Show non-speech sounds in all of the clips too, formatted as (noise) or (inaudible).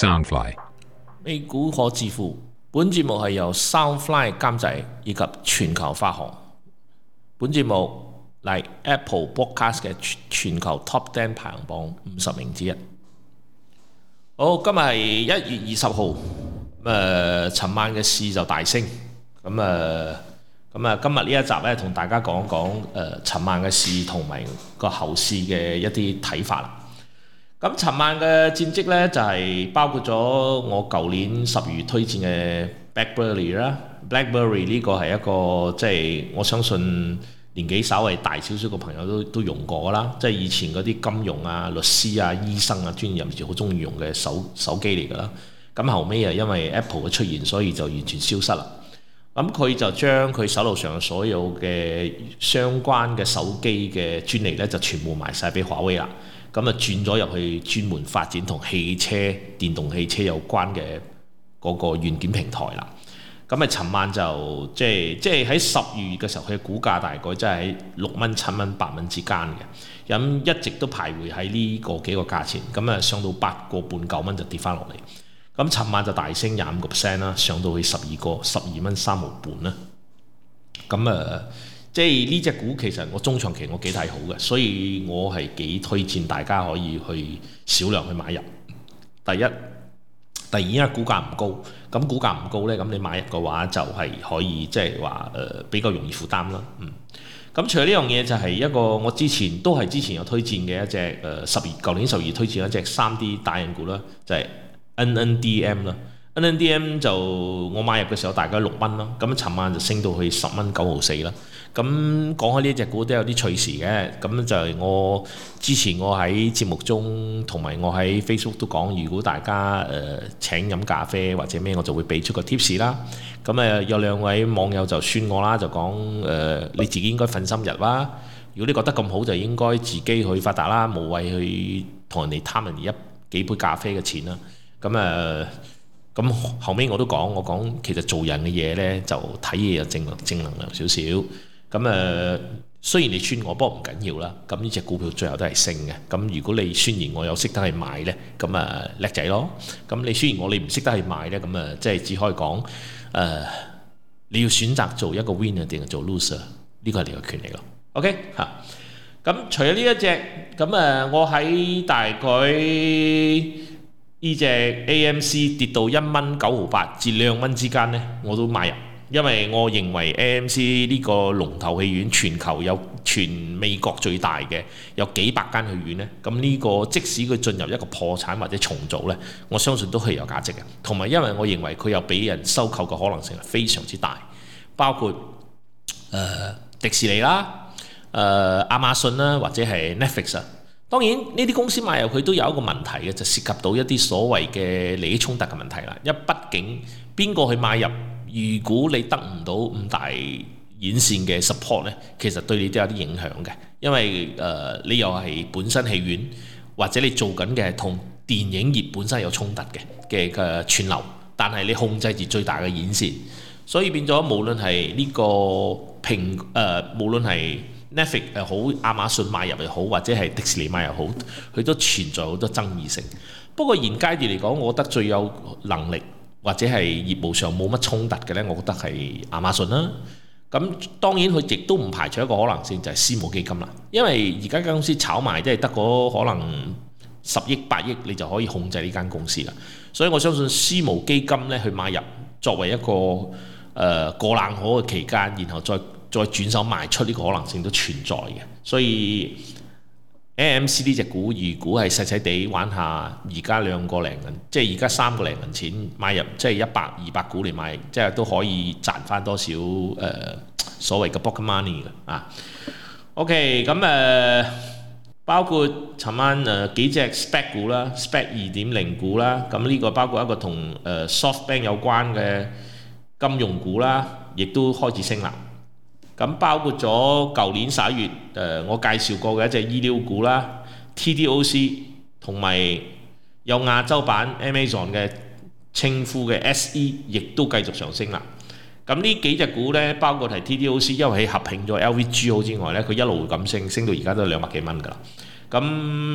Soundfly 美股可致富。本節目係由 Soundfly 監製，以及全球發行。本節目嚟 Apple Podcast 嘅全球 Top Down 排行榜五十名之一。好，今日係一月二十號。咁、呃、誒，尋晚嘅市就大升。咁誒，咁誒，今日呢一集咧，同大家講一講誒尋、呃、晚嘅市同埋個後市嘅一啲睇法啦。咁尋晚嘅戰績呢，就係、是、包括咗我舊年十月推薦嘅 BlackBerry 啦，BlackBerry 呢個係一個即係、就是、我相信年紀稍微大少少嘅朋友都都用過啦，即、就、係、是、以前嗰啲金融啊、律師啊、醫生啊專業人士好中意用嘅手手機嚟㗎啦。咁後尾啊，因為 Apple 嘅出現，所以就完全消失啦。咁佢就將佢手頭上所有嘅相關嘅手機嘅專利呢，就全部賣晒俾華為啦。咁啊轉咗入去專門發展同汽車、電動汽車有關嘅嗰個軟件平台啦。咁啊，尋晚就即係即係喺十二月嘅時候，佢嘅股價大概真係喺六蚊、七蚊、八蚊之間嘅，咁一直都徘徊喺呢個幾個價錢。咁啊，上到八個半九蚊就跌翻落嚟。咁尋晚就大升廿五個 percent 啦，上到去十二個十二蚊三毫半啦。咁啊～即係呢隻股其實我中長期我幾睇好嘅，所以我係幾推薦大家可以去少量去買入。第一，第二，因為股價唔高，咁股價唔高呢，咁你買入嘅話就係可以即係話比較容易負擔啦。咁、嗯、除咗呢樣嘢就係一個我之前都係之前有推薦嘅一隻十二舊年十二推薦一隻三 D 打印股啦，就係、是、NNDM 啦。NNDM 就我買入嘅時候大概六蚊啦，咁尋晚就升到去十蚊九毫四啦。咁講開呢隻股都有啲趣事嘅，咁就係我之前我喺節目中同埋我喺 Facebook 都講，如果大家誒、呃、請飲咖啡或者咩，我就會俾出個 tips 啦。咁、呃、有兩位網友就算我啦，就講誒、呃、你自己應該瞓心日啦。如果你覺得咁好，就應該自己去發達啦，無謂去同人哋貪人一幾杯咖啡嘅錢啦。咁誒，咁後尾我都講，我講其實做人嘅嘢呢，就睇嘢有正能正能量少少。咁誒，雖然你穿我，不過唔緊要啦。咁呢隻股票最後都係升嘅。咁如果你宣言我有識得去買呢，咁誒叻仔咯。咁你宣言我你唔識得去買呢，咁誒即係只可以講誒，你要選擇做一個 winner 定係做 loser，呢個係你嘅權利咯。OK 吓。咁除咗呢一隻，咁誒我喺大概呢隻 AMC 跌到一蚊九毫八至兩蚊之間呢，我都買入。因為我認為 AMC 呢個龍頭戲院，全球有全美國最大嘅有幾百間戲院呢。咁呢個即使佢進入一個破產或者重組呢，我相信都係有價值嘅。同埋，因為我認為佢有俾人收購嘅可能性係非常之大，包括誒、呃、迪士尼啦、誒、呃、亞馬遜啦，或者係 Netflix 啊。當然呢啲公司買入去都有一個問題嘅，就涉及到一啲所謂嘅利益衝突嘅問題啦。因為畢竟邊個去買入？如果你得唔到五大演線嘅 support 呢，其實對你都有啲影響嘅，因為誒、呃、你又係本身戲院或者你做緊嘅同電影業本身有衝突嘅嘅嘅串流，但係你控制住最大嘅演線，所以變咗無論係呢個平誒、呃，無論係 Netflix 又好、亞馬遜買入又好，或者係迪士尼買又好，佢都存在好多爭議性。不過現階段嚟講，我覺得最有能力。或者係業務上冇乜衝突嘅呢，我覺得係亞馬遜啦。咁當然佢亦都唔排除一個可能性，就係私募基金啦。因為而家間公司炒埋，即係得個可能十億、八億，你就可以控制呢間公司啦。所以我相信私募基金呢，去買入，作為一個誒、呃、過冷河嘅期間，然後再再轉手賣出呢個可能性都存在嘅。所以 AMC 呢隻股，如果係細細地玩下，而家兩個零銀，即係而家三個零銀錢買入，即、就、係、是、一百二百股嚟買，即係都可以賺返多少誒、呃、所謂嘅 book money 嘅啊。OK，咁誒、呃、包括尋晚誒、呃、幾隻 SPAC 股啦，SPAC 二點零股啦，咁呢個包括一個同誒、呃、SoftBank 有關嘅金融股啦，亦都開始升啦。咁包括咗舊年十一月，誒我介紹過嘅一隻醫療股啦，TDOC，同埋有亞洲版 Amazon 嘅稱呼嘅 SE，亦都繼續上升啦。咁呢幾隻股咧，包括係 TDOC，因為佢合併咗 LVGO 之外咧，佢一路咁升，升到而家都係兩百幾蚊㗎啦。咁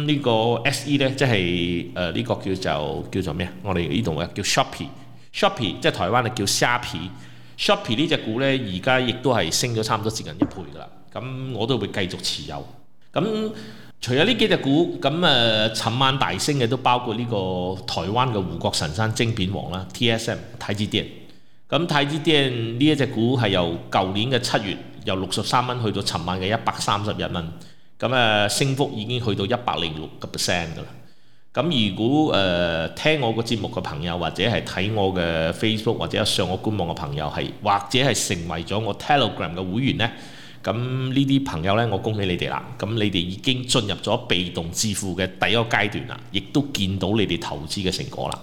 呢個 SE 咧，即係誒呢個叫做叫做咩啊？我哋呢度話叫 Shopee，Shopee 即係台灣啊叫蝦皮。Shopee 呢隻股咧，而家亦都係升咗差唔多接近一倍噶啦。咁我都會繼續持有。咁除咗呢幾隻股，咁誒尋晚大升嘅都包括呢、這個台灣嘅護國神山晶片王啦 （TSM 台積電）。咁台積電呢一隻股係由舊年嘅七月由六十三蚊去到尋晚嘅一百三十一蚊，咁誒、呃、升幅已經去到一百零六個 percent 噶啦。咁如果誒、呃、聽我個節目嘅朋友，或者係睇我嘅 Facebook，或者上我官網嘅朋友，係或者係成為咗我 Telegram 嘅會員呢，咁呢啲朋友呢，我恭喜你哋啦！咁你哋已經進入咗被動致富嘅第一個階段啦，亦都見到你哋投資嘅成果啦。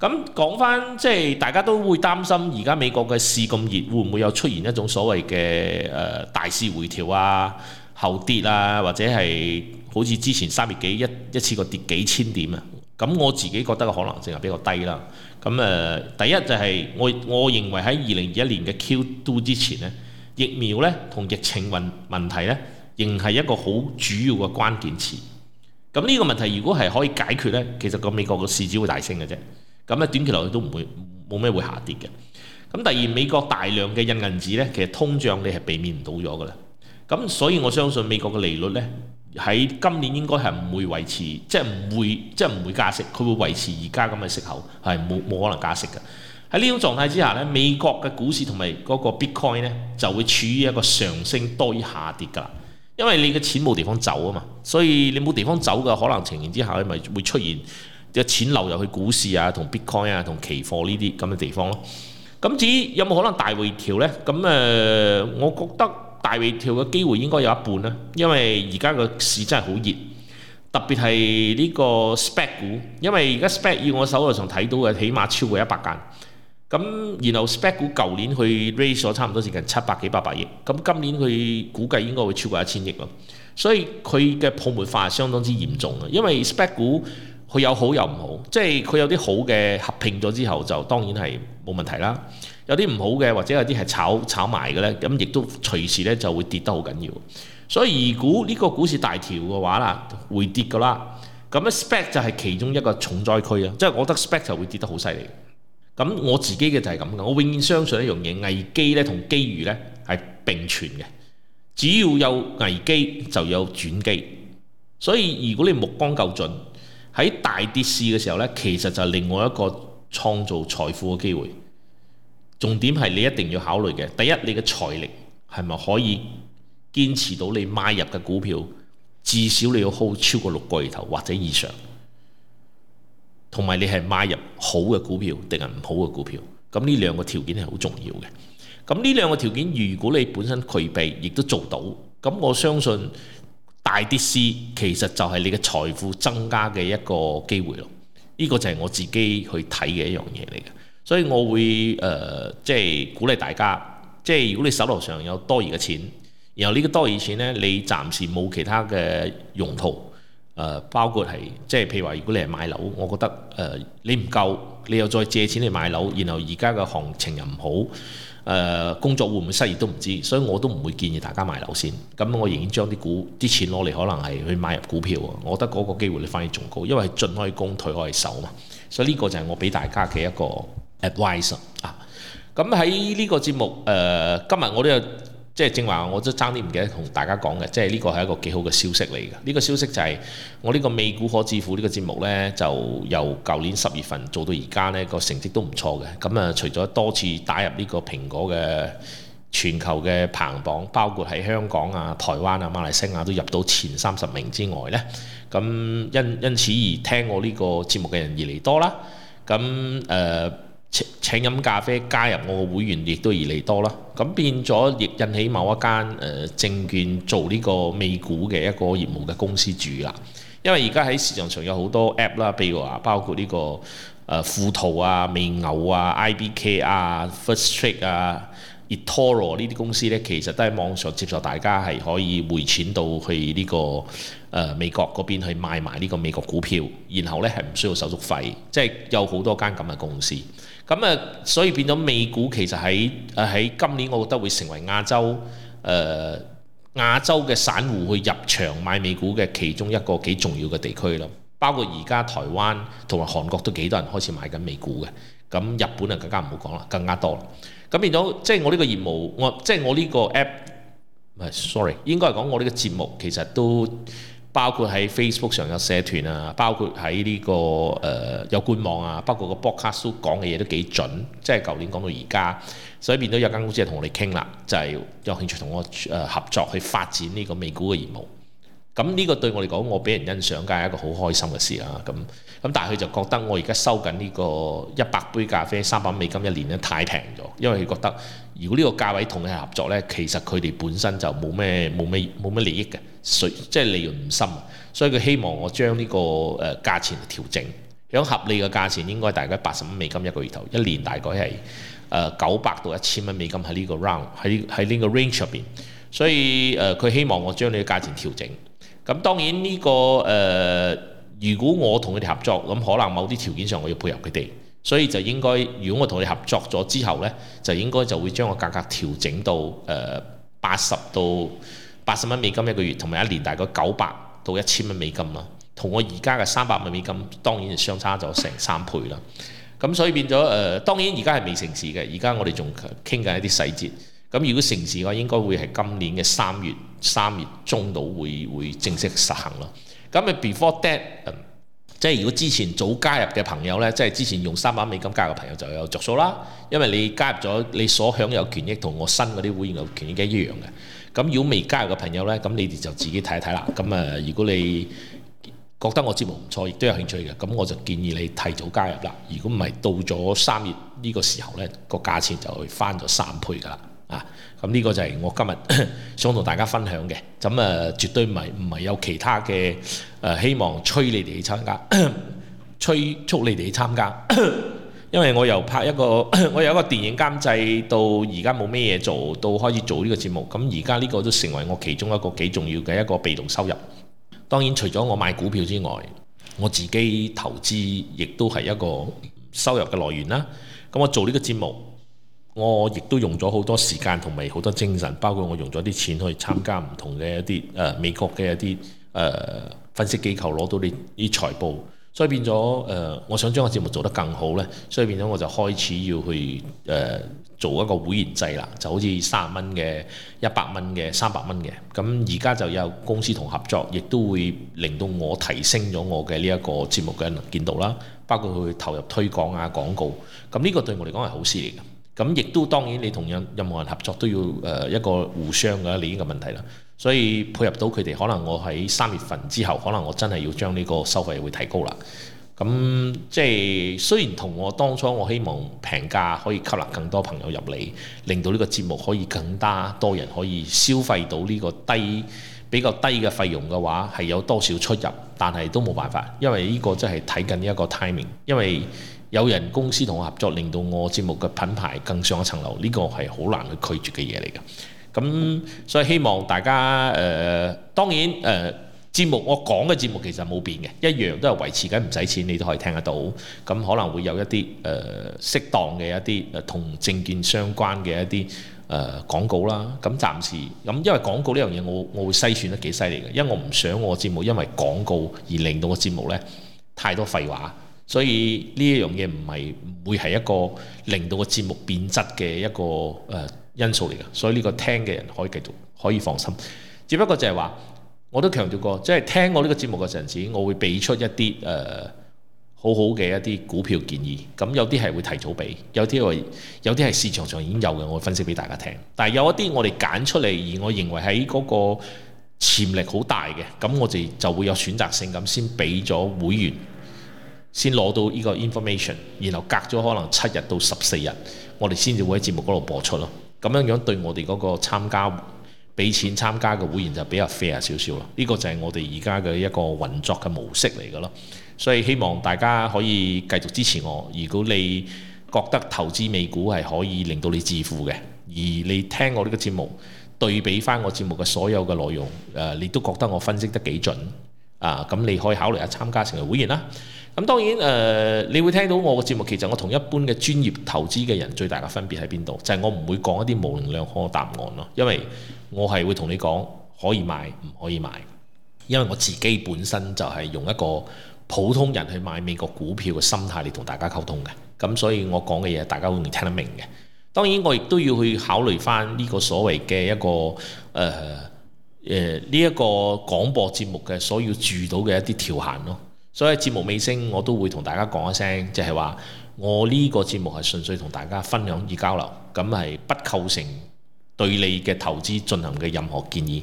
咁講翻，即係大家都會擔心，而家美國嘅市咁熱，會唔會有出現一種所謂嘅、呃、大市回調啊？後跌啦，或者係好似之前三月幾一一次過跌幾千點啊！咁我自己覺得個可能性係比較低啦。咁誒、呃，第一就係、是、我我認為喺二零二一年嘅 Q2 之前呢，疫苗呢同疫情問問題呢，仍係一個好主要嘅關鍵詞。咁呢個問題如果係可以解決呢，其實個美國個市值會大升嘅啫。咁咧短期嚟都唔會冇咩會下跌嘅。咁第二，美國大量嘅印銀紙呢，其實通脹你係避免唔到咗㗎啦。咁所以我相信美國嘅利率呢，喺今年應該係唔會維持，即係唔會，即係唔會加息，佢會維持而家咁嘅息口，係冇冇可能加息嘅。喺呢種狀態之下呢，美國嘅股市同埋嗰個 Bitcoin 呢，就會處於一個上升多於下跌㗎啦。因為你嘅錢冇地方走啊嘛，所以你冇地方走嘅可能情形之下，你咪會出現嘅錢流入去股市啊、同 Bitcoin 啊、同期貨呢啲咁嘅地方咯。咁至於有冇可能大回調呢？咁誒，我覺得。大回調嘅機會應該有一半啦，因為而家個市真係好熱，特別係呢個 SPAC 股，因為而家 SPAC 以我手頭上睇到嘅起碼超過一百間，咁然後 SPAC 股舊年去 raise 咗差唔多接近七百幾八百億，咁今年佢估計應該會超過一千億咯，所以佢嘅泡沫化係相當之嚴重啊，因為 SPAC 股。佢有好又唔好，即係佢有啲好嘅合併咗之後就當然係冇問題啦。有啲唔好嘅或者有啲係炒炒埋嘅呢，咁亦都隨時呢就會跌得好緊要。所以如果呢個股市大調嘅話啦，會跌噶啦。咁咧 Spec 就係其中一個重災區啊，即係我覺得 Spec 就會跌得好犀利。咁我自己嘅就係咁噶，我永遠相信一樣嘢，危機呢同機遇呢係並存嘅。只要有危機就有轉機，所以如果你目光夠準喺大跌市嘅時候呢，其實就係另外一個創造財富嘅機會。重點係你一定要考慮嘅，第一，你嘅財力係咪可以堅持到你買入嘅股票，至少你要 hold 超過六個月頭或者以上。同埋你係買入好嘅股票定係唔好嘅股票？咁呢兩個條件係好重要嘅。咁呢兩個條件，如果你本身具備，亦都做到，咁我相信。大啲市，其實就係你嘅財富增加嘅一個機會咯。呢個就係我自己去睇嘅一樣嘢嚟嘅，所以我會誒，即係鼓勵大家，即係如果你手頭上有多餘嘅錢，然後呢個多餘錢呢，你暫時冇其他嘅用途、呃，誒包括係即係譬如話如果你係買樓，我覺得誒、呃、你唔夠，你又再借錢去買樓，然後而家嘅行情又唔好。誒、呃、工作會唔會失業都唔知，所以我都唔會建議大家買樓先。咁我仍然將啲股啲錢攞嚟，可能係去買入股票。我覺得嗰個機會你反而仲高，因為進可以攻，退可以守嘛。所以呢個就係我俾大家嘅一個 adviser 啊。咁喺呢個節目誒、呃，今日我都有。即係正話，我都爭啲唔記得同大家講嘅，即係呢個係一個幾好嘅消息嚟嘅。呢、這個消息就係我呢、這個美股可致富呢個節目呢，就由舊年十月份做到而家呢個成績都唔錯嘅。咁、嗯、啊，除咗多次打入呢個蘋果嘅全球嘅排行榜，包括喺香港啊、台灣啊、馬來西亞都入到前三十名之外呢，咁、嗯、因因此而聽我呢個節目嘅人越嚟多啦。咁、嗯、誒。呃請請飲咖啡加入我個會員，亦都易利多啦。咁變咗亦引起某一間誒、呃、證券做呢個美股嘅一個業務嘅公司主啦。因為而家喺市場上有好多 app 啦，譬如話包括呢、這個、呃、富途啊、美牛啊、IBK 啊、First Trick 啊、Etoro 呢啲公司咧，其實都喺網上接受大家係可以匯錢到去呢、這個。誒、呃、美國嗰邊去買埋呢個美國股票，然後呢係唔需要手續費，即係有好多間咁嘅公司。咁啊，所以變咗美股其實喺誒喺今年，我覺得會成為亞洲誒亞、呃、洲嘅散戶去入場買美股嘅其中一個幾重要嘅地區咯。包括而家台灣同埋韓國都幾多人開始買緊美股嘅。咁日本啊更加唔好講啦，更加多。咁變咗即係我呢個業務，我即係我呢個 app 唔係，sorry，應該係講我呢個節目其實都。包括喺 Facebook 上有社團啊，包括喺呢、這個誒、呃、有官網啊，包括個博客書講嘅嘢都幾準，即係舊年講到而家，所以變咗有間公司即係同我哋傾啦，就係、是、有興趣同我誒合作去發展呢個美股嘅業務。咁呢個對我嚟講，我俾人欣賞，梗係一個好開心嘅事啦、啊。咁咁，但係佢就覺得我而家收緊呢個一百杯咖啡三百美金一年咧太平咗，因為佢覺得如果呢個價位同佢合作咧，其實佢哋本身就冇咩冇咩冇咩利益嘅。水即係利潤唔深，所以佢希望我將呢、這個誒價、呃、錢調整，響合理嘅價錢應該大概八十蚊美金一個月頭，一年大概係誒九百到一千蚊美金喺呢個 round 喺喺呢個 range 入邊。所以誒佢、呃、希望我將呢個價錢調整。咁當然呢、這個誒、呃、如果我同佢哋合作，咁可能某啲條件上我要配合佢哋，所以就應該如果我同你合作咗之後呢，就應該就會將個價格調整到誒八十到。呃80八十蚊美金一個月，同埋一年大概九百到一千蚊美金啦。同我而家嘅三百蚊美金，當然相差咗成三倍啦。咁所以變咗誒、呃，當然而家係未成事嘅。而家我哋仲傾緊一啲細節。咁如果成事嘅話，應該會係今年嘅三月三月中度會會正式實行咯。咁啊，before that，、呃、即係如果之前早加入嘅朋友呢，即係之前用三百蚊美金加入嘅朋友就有著數啦。因為你加入咗，你所享有權益同我新嗰啲會員嘅權益一樣嘅。咁如果未加入嘅朋友呢，咁你哋就自己睇睇啦。咁誒，如果你覺得我節目唔錯，亦都有興趣嘅，咁我就建議你提早加入啦。如果唔係到咗三月呢個時候呢，個價錢就會翻咗三倍㗎啦。啊，咁呢個就係我今日 (coughs) 想同大家分享嘅。咁誒、呃，絕對唔係唔係有其他嘅誒、呃、希望催你哋去參加， (coughs) 催促你哋去參加。 (coughs) 因為我由拍一個，我由一個電影監製，到而家冇咩嘢做，到開始做呢個節目，咁而家呢個都成為我其中一個幾重要嘅一個被動收入。當然除咗我買股票之外，我自己投資亦都係一個收入嘅來源啦。咁我做呢個節目，我亦都用咗好多時間同埋好多精神，包括我用咗啲錢去參加唔同嘅一啲誒、呃、美國嘅一啲誒、呃、分析機構攞到呢啲財報。所以變咗，誒、呃，我想將個節目做得更好咧，所以變咗我就開始要去誒、呃、做一個會員制啦，就好似三十蚊嘅、一百蚊嘅、三百蚊嘅。咁而家就有公司同合作，亦都會令到我提升咗我嘅呢一個節目嘅能見度啦。包括佢投入推廣啊廣告，咁呢個對我嚟講係好事嚟嘅。咁亦都當然你同任任何人合作都要誒一個互相嘅你呢個問題啦。所以配合到佢哋，可能我喺三月份之後可能我真係要將呢個收費會提高啦。咁即係雖然同我當初我希望平價可以吸納更多朋友入嚟，令到呢個節目可以更加多人可以消費到呢個低比較低嘅費用嘅話，係有多少出入，但係都冇辦法，因為呢個真係睇緊一個 timing。因為有人公司同我合作，令到我節目嘅品牌更上一層樓，呢個係好難去拒絕嘅嘢嚟嘅。咁所以希望大家誒、呃，當然誒，節、呃、目我講嘅節目其實冇變嘅，一樣都係維持緊唔使錢，你都可以聽得到。咁可能會有一啲誒，適、呃、當嘅一啲誒，同證件相關嘅一啲誒，廣、呃、告啦。咁暫時，咁，因為廣告呢樣嘢我我會篩選得幾犀利嘅，因為我唔想我節目因為廣告而令到個節目咧太多廢話，所以呢一樣嘢唔係會係一個令到個節目變質嘅一個誒。呃因素嚟嘅，所以呢個聽嘅人可以繼續，可以放心。只不過就係話，我都強調過，即係聽我呢個節目嘅陣時，我會俾出一啲誒、呃、好好嘅一啲股票建議，咁有啲係會提早俾，有啲係有啲係市場上已經有嘅，我會分析俾大家聽。但係有一啲我哋揀出嚟，而我認為喺嗰個潛力好大嘅，咁我哋就會有選擇性咁先俾咗會員先攞到呢個 information，然後隔咗可能七日到十四日，我哋先至會喺節目嗰度播出咯。咁樣樣對我哋嗰個參加俾錢參加嘅會員就比較 fair 少少咯，呢個就係我哋而家嘅一個運作嘅模式嚟噶咯。所以希望大家可以繼續支持我。如果你覺得投資美股係可以令到你致富嘅，而你聽我呢個節目對比翻我節目嘅所有嘅內容，誒你都覺得我分析得幾準啊，咁你可以考慮下參加成為會員啦。咁當然誒、呃，你會聽到我個節目，其實我同一般嘅專業投資嘅人最大嘅分別喺邊度？就係、是、我唔會講一啲模棱兩可嘅答案咯，因為我係會同你講可以買唔可以買，因為我自己本身就係用一個普通人去買美國股票嘅心態嚟同大家溝通嘅。咁所以我說的，我講嘅嘢大家會聽得明嘅。當然，我亦都要去考慮翻呢個所謂嘅一個誒誒呢一個廣播節目嘅所要注意到嘅一啲條限咯。所以節目尾聲，我都會同大家講一聲，即係話我呢個節目係純粹同大家分享而交流，咁係不構成對你嘅投資進行嘅任何建議。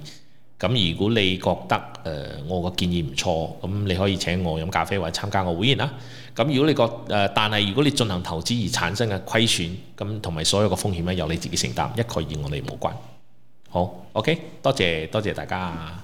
咁如果你覺得誒、呃、我個建議唔錯，咁你可以請我飲咖啡或者參加我會員啦。咁如果你覺誒、呃，但係如果你進行投資而產生嘅虧損，咁同埋所有嘅風險咧，由你自己承擔，一概與我哋冇關。好，OK，多謝多謝大家。